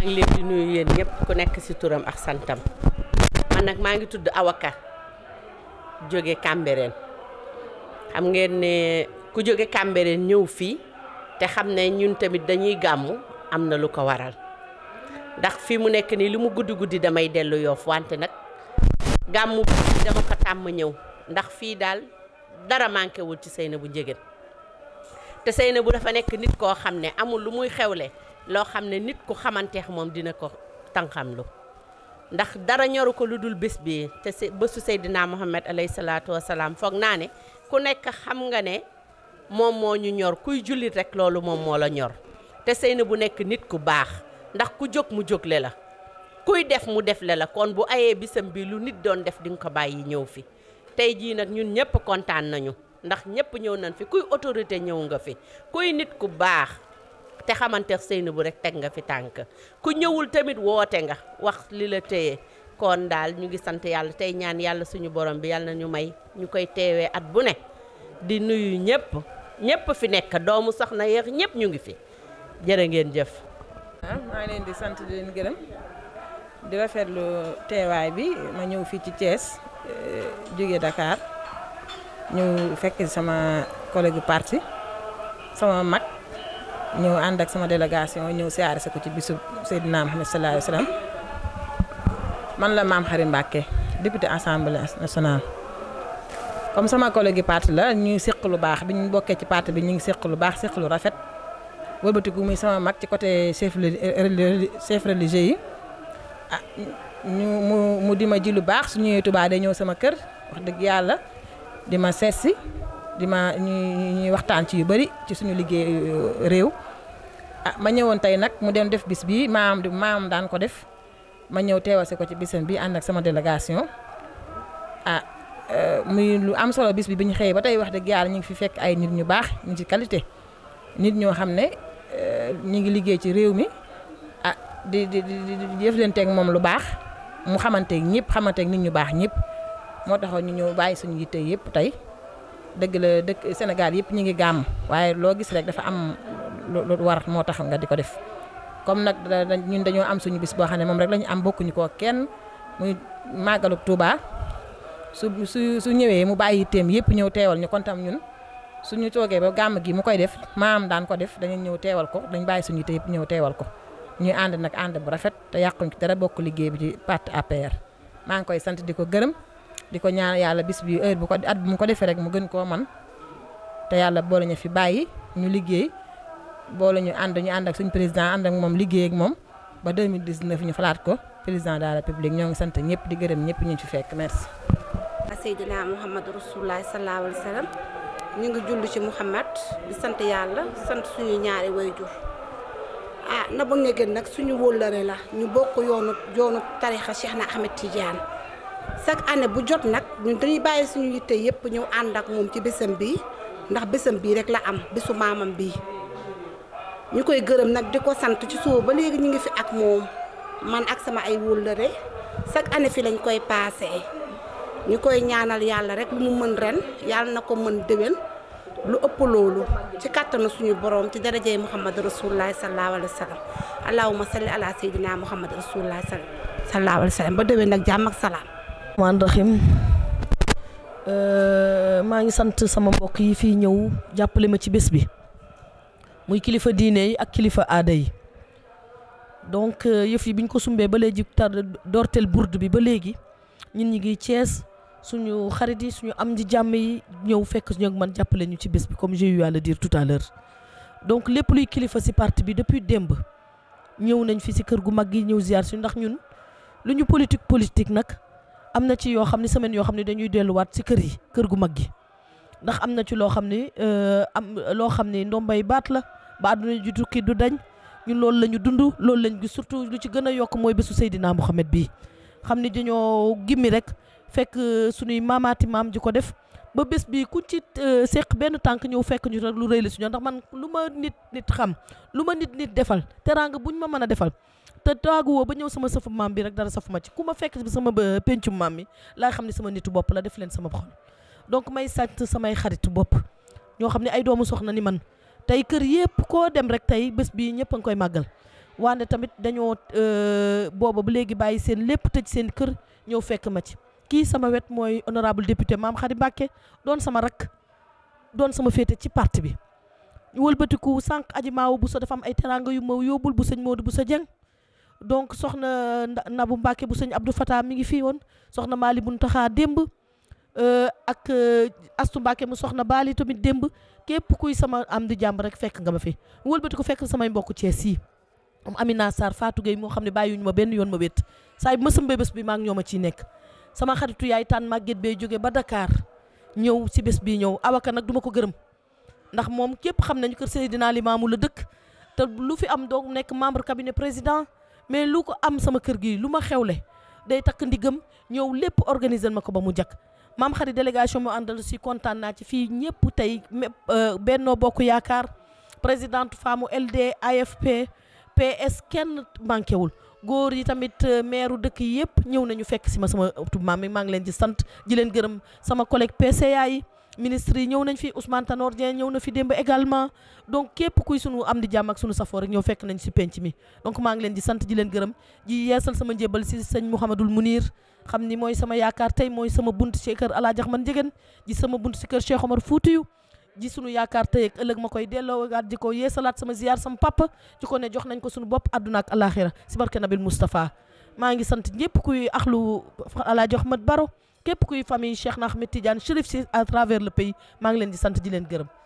maa ngi leen nuyu yéen ñëpp ku nekk ci turam ak santam man nag maa ngi tudd awaka jóge Cambérène xam ngeen ne ku jóge Cambérène ñëw fii te xam ne ñun tamit dañuy gàmmu am na lu ko waral ndax fii mu nekk nii lu mu guddi guddi damay dellu Yoff wante nag gàmmu bi dama ko tàmm ñëw ndax fii daal dara manqué wul ci Seynabou Ndiéguène te bu dafa nekk nit koo xam ne amul lu muy xewle loo xam ne nit ku xamanteex moom dina ko tànqamlu ndax dara ñoru ko lu dul bés bi te bésu Seydina Muhammad alayhi salaatu wasalaam foog naa ne ku nekk xam nga ne moom moo ñu ñor kuy jullit rek loolu moom moo la ñor te Seyna bu nekk nit ku baax ndax ku jóg mu jógle la kuy def mu def le la kon bu ayee bisam bi lu nit doon def di ko bàyyi ñëw fi tey jii nag ñun ñëpp kontaan nañu ndax ñëpp ñëw nañ fi kuy autorité ñëw nga fi kuy nit ku baax te xamante seyni bu rek teg nga fi tànk ku ñëwul tamit woote nga wax li la téye kon daal ñu ngi sant yàlla tey ñaan yàlla suñu borom bi yàlla na ñu may ñu koy teewee at bu ne di nuyu ñëpp ñëpp fi nekk doomu sax na yeex ñëpp ñu ngi fi jërë ngeen jëf. Ah, maa leen di sant di leen gërëm di rafetlu teewaay bi ma ñëw fii ci Thiès eh, jóge Dakar ñu fekk sama collègue parti sama mag. ñëw ànd ak sama délégation ñëw siyaare ko ci bisu Seydina Muhammad sallallahu alayhi wa sallam man la maam Xari Mbàkke député assemblée nationale. comme sama collège parti la ñuy seq lu baax bi ñu bokkee ci parti bi ñu ngi seq lu baax seq lu rafet wëlbatiku muy sama mag ci côté chef chef yi ah ñu mu mu di ma ji lu baax su ñëwee Tuubaa day ñëw sama kër wax dëgg yàlla di ma seet si di ma ñuy waxtaan ci yu bari ci suñu liggéey euh, réew a ah, ma ñëwoon tey nag mu dem def bis bii maam di maam daan ko def ma ñëw teewal teewase ko ci bisan bi ànd ak sama délégation ah euh, muy lu am solo bis bi bi ñu xëyee ba tey wax dëgg yàlla ñu ngi fi fekk ay nit ñu baax ñu ci qualité nit ñoo xam ne euh, ñu ngi liggéey ci réew mi a ah, di di di jëflanteeg moom lu baax mu xamanteeg ñëpp xamanteeg nit ñu baax ñëpp moo taxoon ñu ñëw bàyyi suñu yitte yëpp tey. dëgg la dëkk Sénégal yëpp ñu ngi gàmm waaye loo gis rek dafa am lu war moo tax nga di ko def comme nag ñun dañoo am suñu bis boo xam ne moom rek la ñu am bokkuñu koo kenn muy màggalu Touba su su su ñëwee mu bàyyi téem yëpp ñëw teewal ñu kon tam ñun suñu toogee ba gàmm gi mu koy def maam daan ko def dañu ñëw teewal ko dañ bàyyi suñu te yëpp ñëw teewal ko ñuy ànd nag ànd bu rafet te yàquñ ci dara bokk liggéey bi ci parti APR maa ngi koy sant di ko gërëm di ko ñaar yàlla bis bi heure bu ko at bu mu ko defee rek mu gën koo man te yàlla boole ñu fi bàyyi ñu liggéey boole ñu ànd ñu ànd ak suñu président ànd ak moom liggéey ak moom ba 2019 ñu falaat ko président de la république ñoo ngi sant ñëpp di gërëm ñëpp ñu ci fekk merci. Seydina Muhammad Rasulullah sallallahu alayhi wa sallam ñu ngi jull ci Muhammad di sant yàlla sant suñu ñaari wayjur ah na ba nga gën nag suñu wóllare la ñu bokk yoonu yoonu tarixa Cheikh na Ahmed Tidiane. chaque année bu jot nag ñun dañuy bàyyi suñu yitte yëpp ñëw ànd ak moom ci bésam bi ndax bésam bii rek la am bésu maamam bii ñu koy gërëm nag di ko sant ci suba ba léegi ñu ngi fi ak moom man ak sama ay wóllëre chaque année fi lañ koy paase ñu koy ñaanal yàlla rek lu mu mën ren yàlla na ko mën déwén lu ëpp loolu ci kàttanu suñu borom ci darajey Muhammad Rasulullah sallallahu alayhi wa sallam allahumma salli ala sayyidina Muhammad Rasulullah sallallahu alayhi wa sallam ba déwén nag jàmm ak salaam. man rahim euh, maa ngi sant sama mbokk yi fii ñëw jàppale ma ci bés bi muy kilifa diine yi ak kilifa aada yi donc euh, yëf yi biñ ko sumbee ba léegi tar doorteel bourde bi ba léegi ñun ñi ngi cees suñu xarit yi suñu am ji jàmm yi ñëw fekk ñoo man jàppale ñu ci bés bi comme j'ai eu à le tout à l'heure donc lépp luy kilifa si parti bi depuis démb ñëw nañ fi si kër gu mag gi ñëw ziar si ndax ñun lu ñu politique politique nag am na ci yoo xam ne semaine yoo xam ne dañuy delluwaat si kër yi kër gu mag gi ndax am na ci loo xam ne euh, am loo xam ne ndombay baat la ba àdduna ji tukki du dañ ñun loolu la ñu dund loolu lañ surtout lu ci gën a yokk mooy bésu Seydina Mouhamed bi xam ne dañoo gimmi rek fekk euh, suñuy maamaati maam ji ko def ba bés bii ku ci euh, seq benn tànk ñëw fekk ñu rek lu rëy la si ñoom ndax man lu ma nit nit xam lu ma nit nit defal bu ñu ma mën a defal te woo ba ñëw sama safu maam bi rek dara safu ma ci ku ma fekk sama péncum maam mi laa xam ne sama nitu bopp la def leen sama xol donc may sant samay xaritu bopp ñoo xam ne ay doomu soxna ni man tey kër yëpp koo dem rek tey bés bii ñëpp a ngi koy màggal waane tamit dañoo euh, booba bu léegi bàyyi seen lépp tëj seen kër ñëw fekk ma ci kii sama wet mooy honorable député maam Khady Mbacké doon sama rak doon sama féete ci parti bi ñu wëlbatiku sànq aji maaw bu sa defam ay teranga yu ma yóbbul bu sëñ Modou bu sa jëng donc soxna Nabou Mbacké bu sëñ Abdou Fatah mi ngi fii woon soxna maali bu Mali Buntaxa démb euh, ak euh, Astu Mbacké mu soxna Bali tamit démb képp kuy sama am di jàmb rek fekk nga ma fi mu wëlbatiku fekk samay mbokk Cees yi am Amina Sarr Fatou Gueye moo xam ne bàyyiwuñu ma benn yoon ma wét saa ma sëmbee bés bi maa ngi ma ciy nekk sama xaritu yaay tànn màgget bee jóge ba dakaar ñëw si bés bii ñëw awaka nag duma ko gërëm ndax moom képp xam nañu kër Seydina Limaamu la dëkk te lu fi am doog nekk membre cabinet président mais lu ko am sama kër gi lu ma xewle day takk ndigam ñëw lépp organiser ma ko ba mu jak maam xarit délégation mu àndal si kontaan naa ci fii ñëpp tey euh, Benno Bokk Yaakaar présidente femme LD AFP PS kenn manqué wul góor yi tamit euh, maire dëkk yi yëpp ñëw nañu fekk si ma sama tub maam mi maa ngi leen di sant ji leen gërëm sama collègue PCA yi ministre yi ñëw nañ fi Ousmane Tanor ñëw na fi démb également donc képp kuy sunu am di jàmm ak sunu safoo rek ñëw fekk nañ si penc mi donc maa ngi leen di sant ji leen gërëm ji yeesal sama njébal si sëñ Mouhamadul Mounir xam ni mooy sama yaakaar tey mooy sama bunt ci kër Alaaji Axmat Njegen ji sama bunt ci kër Cheikh Omar Foutiyou ji sunu yaakaar tey ëllëg ma koy delloowaat di ko yeesalaat sama ziyaar sama papa di ko ne jox nañ ko sunu bopp àdduna ak alaxira si barke nabil Moustapha maa ngi sant ñëpp kuy axlu Alaaji Ahmed Baro képp kuy famille Cheikh na Ahmed Tidiane Chérif si à travers le pays maa ngi leen di sant di leen gërëm